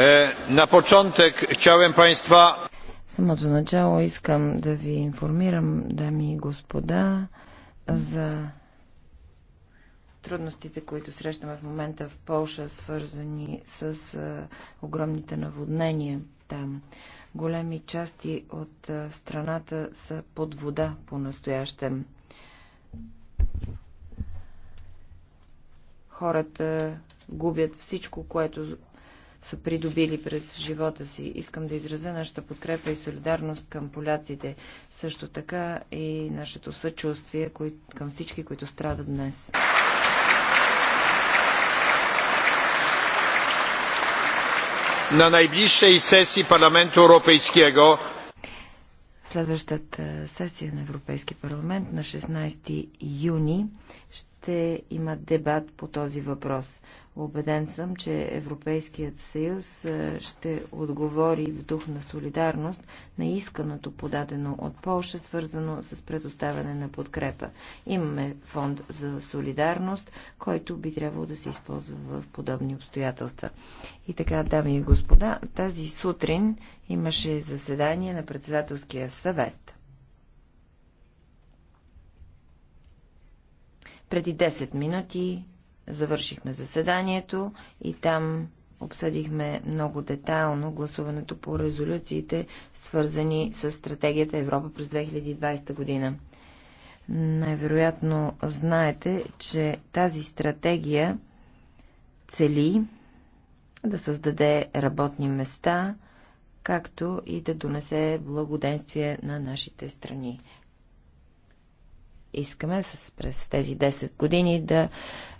Е, на початък chciałem Państwa... Самото начало искам да ви информирам, дами и господа, за трудностите, които срещаме в момента в Польша, свързани с е, огромните наводнения там. Големи части от е, страната са под вода по-настоящем. Хората губят всичко, което са придобили през живота си. Искам да изразя нашата подкрепа и солидарност към поляците, също така и нашето съчувствие към всички, които страдат днес. На най-ближшей сесии Парламента Европейския Следващата сесия на Европейски парламент на 16 юни ще има дебат по този въпрос. Обеден съм, че Европейският съюз е, ще отговори в дух на солидарност на исканото подадено от Полша, свързано с предоставяне на подкрепа. Имаме фонд за солидарност, който би трябвало да се използва в подобни обстоятелства. И така, дами и господа, тази сутрин имаше заседание на председателския съвет. Преди 10 минути завършихме заседанието и там обсъдихме много детайлно гласуването по резолюциите, свързани с стратегията Европа през 2020 година. Най-вероятно знаете, че тази стратегия цели да създаде работни места, както и да донесе благоденствие на нашите страни искаме с, през тези 10 години да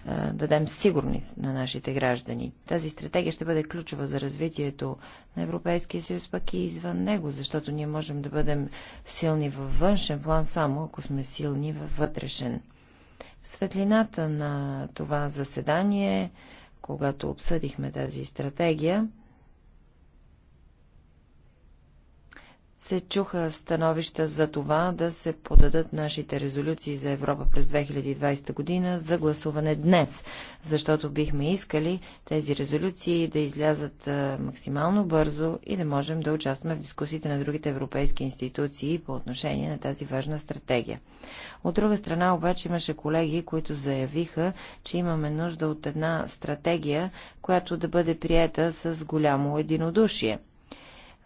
а, дадем сигурност на нашите граждани. Тази стратегия ще бъде ключова за развитието на Европейския съюз, пък и извън него, защото ние можем да бъдем силни във външен план само ако сме силни във вътрешен. Светлината на това заседание, когато обсъдихме тази стратегия, се чуха становища за това да се подадат нашите резолюции за Европа през 2020 година за гласуване днес, защото бихме искали тези резолюции да излязат максимално бързо и да можем да участваме в дискусиите на другите европейски институции по отношение на тази важна стратегия. От друга страна обаче имаше колеги, които заявиха, че имаме нужда от една стратегия, която да бъде приета с голямо единодушие –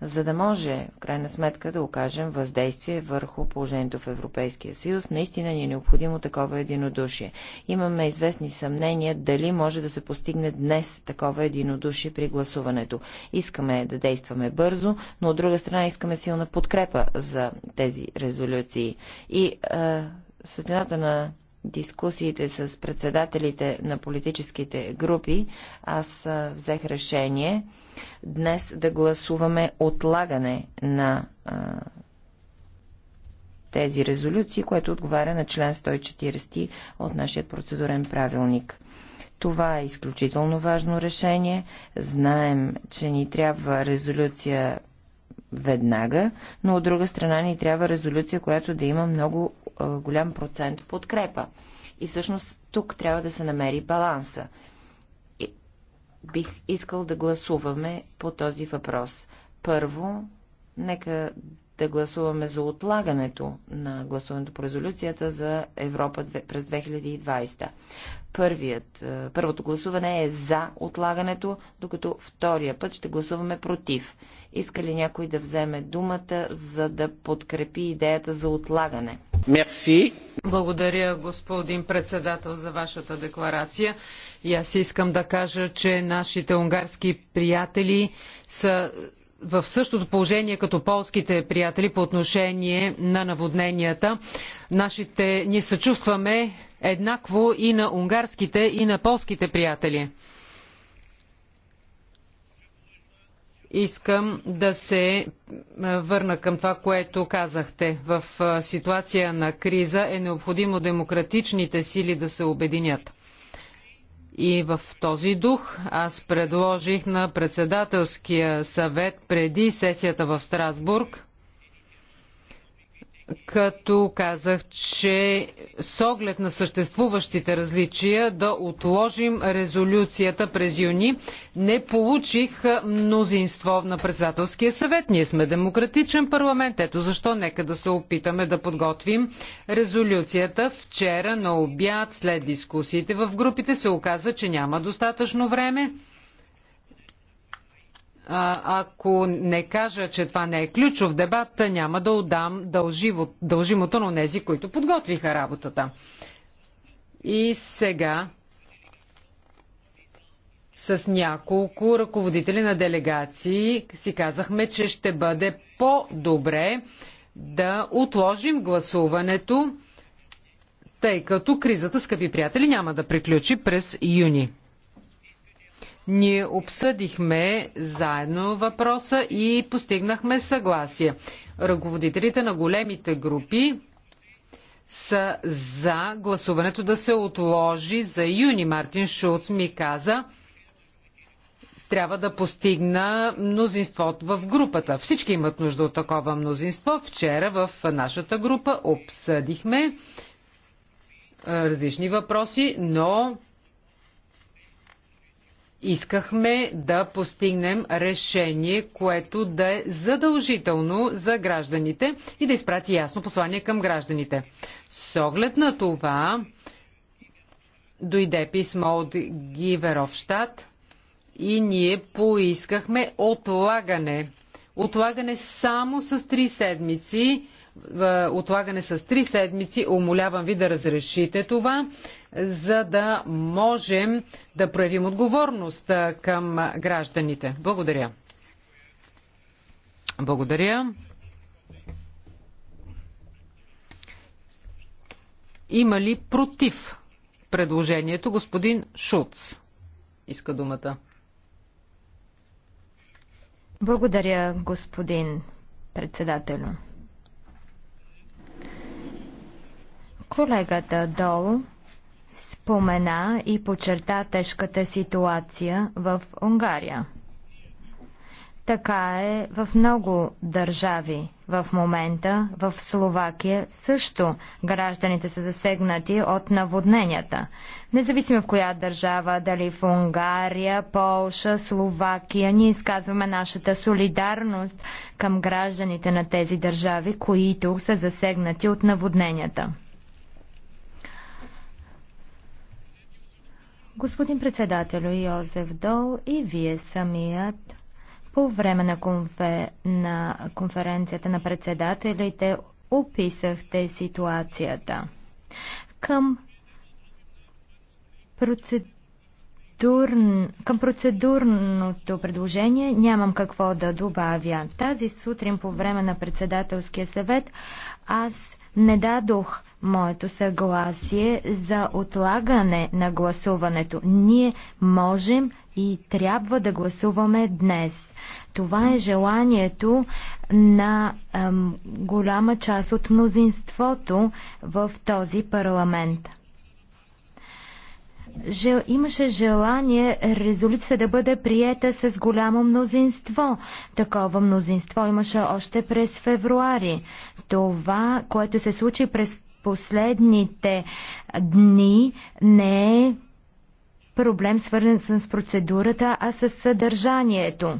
за да може, в крайна сметка, да окажем въздействие върху положението в Европейския съюз. Наистина ни е необходимо такова единодушие. Имаме известни съмнения дали може да се постигне днес такова единодушие при гласуването. Искаме да действаме бързо, но от друга страна искаме силна подкрепа за тези резолюции. И е, светлината на дискусиите с председателите на политическите групи, аз взех решение днес да гласуваме отлагане на а, тези резолюции, което отговаря на член 140 от нашия процедурен правилник. Това е изключително важно решение. Знаем, че ни трябва резолюция веднага, но от друга страна ни трябва резолюция, която да има много а, голям процент подкрепа. И всъщност тук трябва да се намери баланса. И бих искал да гласуваме по този въпрос. Първо, нека да гласуваме за отлагането на гласуването по резолюцията за Европа през 2020. Първият, е, първото гласуване е за отлагането, докато втория път ще гласуваме против. Иска ли някой да вземе думата, за да подкрепи идеята за отлагане? Мерси. Благодаря, господин председател, за вашата декларация. И аз искам да кажа, че нашите унгарски приятели са в същото положение като полските приятели по отношение на наводненията. Нашите ни съчувстваме еднакво и на унгарските, и на полските приятели. Искам да се върна към това, което казахте. В ситуация на криза е необходимо демократичните сили да се обединят. И в този дух аз предложих на председателския съвет преди сесията в Страсбург като казах, че с оглед на съществуващите различия да отложим резолюцията през юни. Не получих мнозинство на председателския съвет. Ние сме демократичен парламент. Ето защо нека да се опитаме да подготвим резолюцията. Вчера на обяд след дискусиите в групите се оказа, че няма достатъчно време ако не кажа, че това не е ключов дебат, няма да отдам дълживо, дължимото на тези, които подготвиха работата. И сега с няколко ръководители на делегации си казахме, че ще бъде по-добре да отложим гласуването, тъй като кризата, скъпи приятели, няма да приключи през юни. Ние обсъдихме заедно въпроса и постигнахме съгласие. Ръководителите на големите групи са за гласуването да се отложи за юни. Мартин Шулц ми каза, трябва да постигна мнозинство в групата. Всички имат нужда от такова мнозинство. Вчера в нашата група обсъдихме различни въпроси, но Искахме да постигнем решение, което да е задължително за гражданите и да изпрати ясно послание към гражданите. С оглед на това дойде писмо от Гиверовщад и ние поискахме отлагане. Отлагане само с три седмици е, отлагане с 3 седмици. Умолявам ви да разрешите това, за да можем да проявим отговорност е, към гражданите. Благодаря. Благодаря. Има ли против предложението господин Шуц? Иска думата. Благодаря, господин председателю. Колегата Дол спомена и подчерта тежката ситуация в Унгария. Така е в много държави. В момента в Словакия също гражданите са засегнати от наводненията. Независимо в коя държава, дали в Унгария, Полша, Словакия, ние изказваме нашата солидарност към гражданите на тези държави, които са засегнати от наводненията. Господин председателю Йозеф Дол и вие самият по време на, конфе... на конференцията на председателите описахте ситуацията. Към, процедур... към процедурното предложение нямам какво да добавя. Тази сутрин по време на председателския съвет аз не дадох моето съгласие за отлагане на гласуването. Ние можем и трябва да гласуваме днес. Това е желанието на ем, голяма част от мнозинството в този парламент. Жел... Имаше желание резолюцията да бъде приета с голямо мнозинство. Такова мнозинство имаше още през февруари. Това, което се случи през последните дни не е проблем свързан с процедурата, а с съдържанието.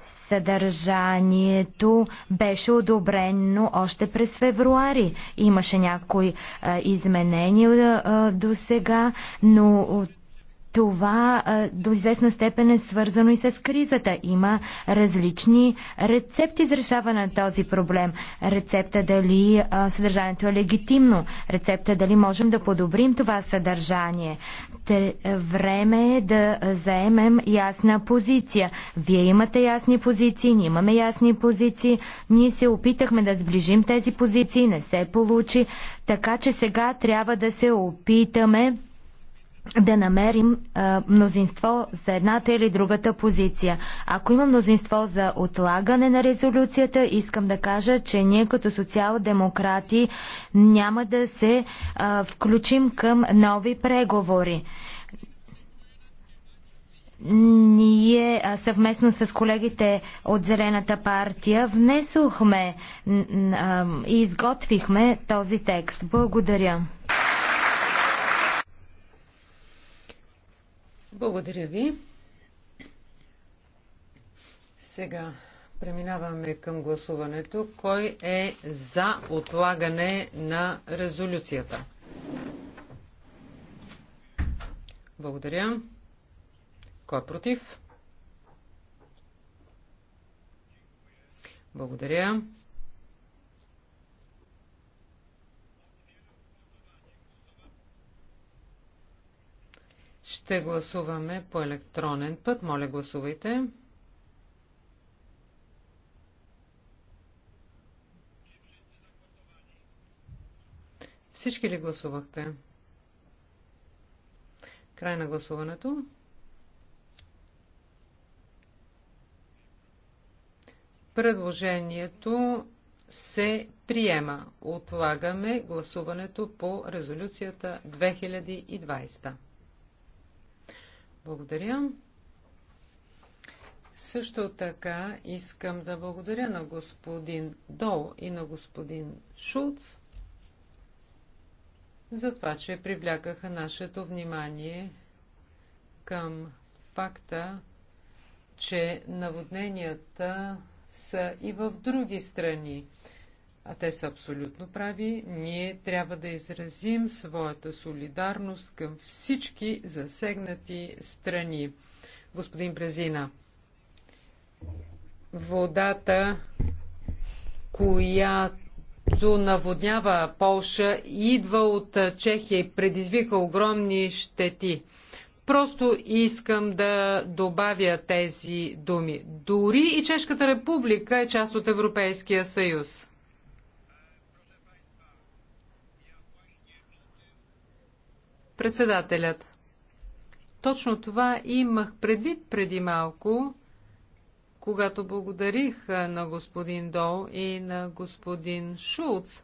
Съдържанието беше одобрено още през февруари. Имаше някои а, изменения а, до сега, но от това до известна степен е свързано и с кризата. Има различни рецепти за решаване на този проблем. Рецепта дали съдържанието е легитимно, рецепта дали можем да подобрим това съдържание. време е да заемем ясна позиция. Вие имате ясни позиции, ние имаме ясни позиции. Ние се опитахме да сближим тези позиции, не се получи. Така че сега трябва да се опитаме да намерим а, мнозинство за едната или другата позиция. Ако има мнозинство за отлагане на резолюцията, искам да кажа, че ние като социал-демократи няма да се а, включим към нови преговори. Ние съвместно с колегите от Зелената партия внесохме и изготвихме този текст. Благодаря. Благодаря ви. Сега преминаваме към гласуването. Кой е за отлагане на резолюцията? Благодаря. Кой е против? Благодаря. Ще гласуваме по електронен път. Моля, гласувайте. Всички ли гласувахте? Край на гласуването. Предложението се приема. Отлагаме гласуването по резолюцията 2020. Благодаря. Също така искам да благодаря на господин Дол и на господин Шулц за това, че привлякаха нашето внимание към факта, че наводненията са и в други страни а те са абсолютно прави, ние трябва да изразим своята солидарност към всички засегнати страни. Господин Брезина, водата, която наводнява Полша, идва от Чехия и предизвика огромни щети. Просто искам да добавя тези думи. Дори и Чешката република е част от Европейския съюз. Председателят. Точно това имах предвид преди малко, когато благодарих на господин Дол и на господин Шулц.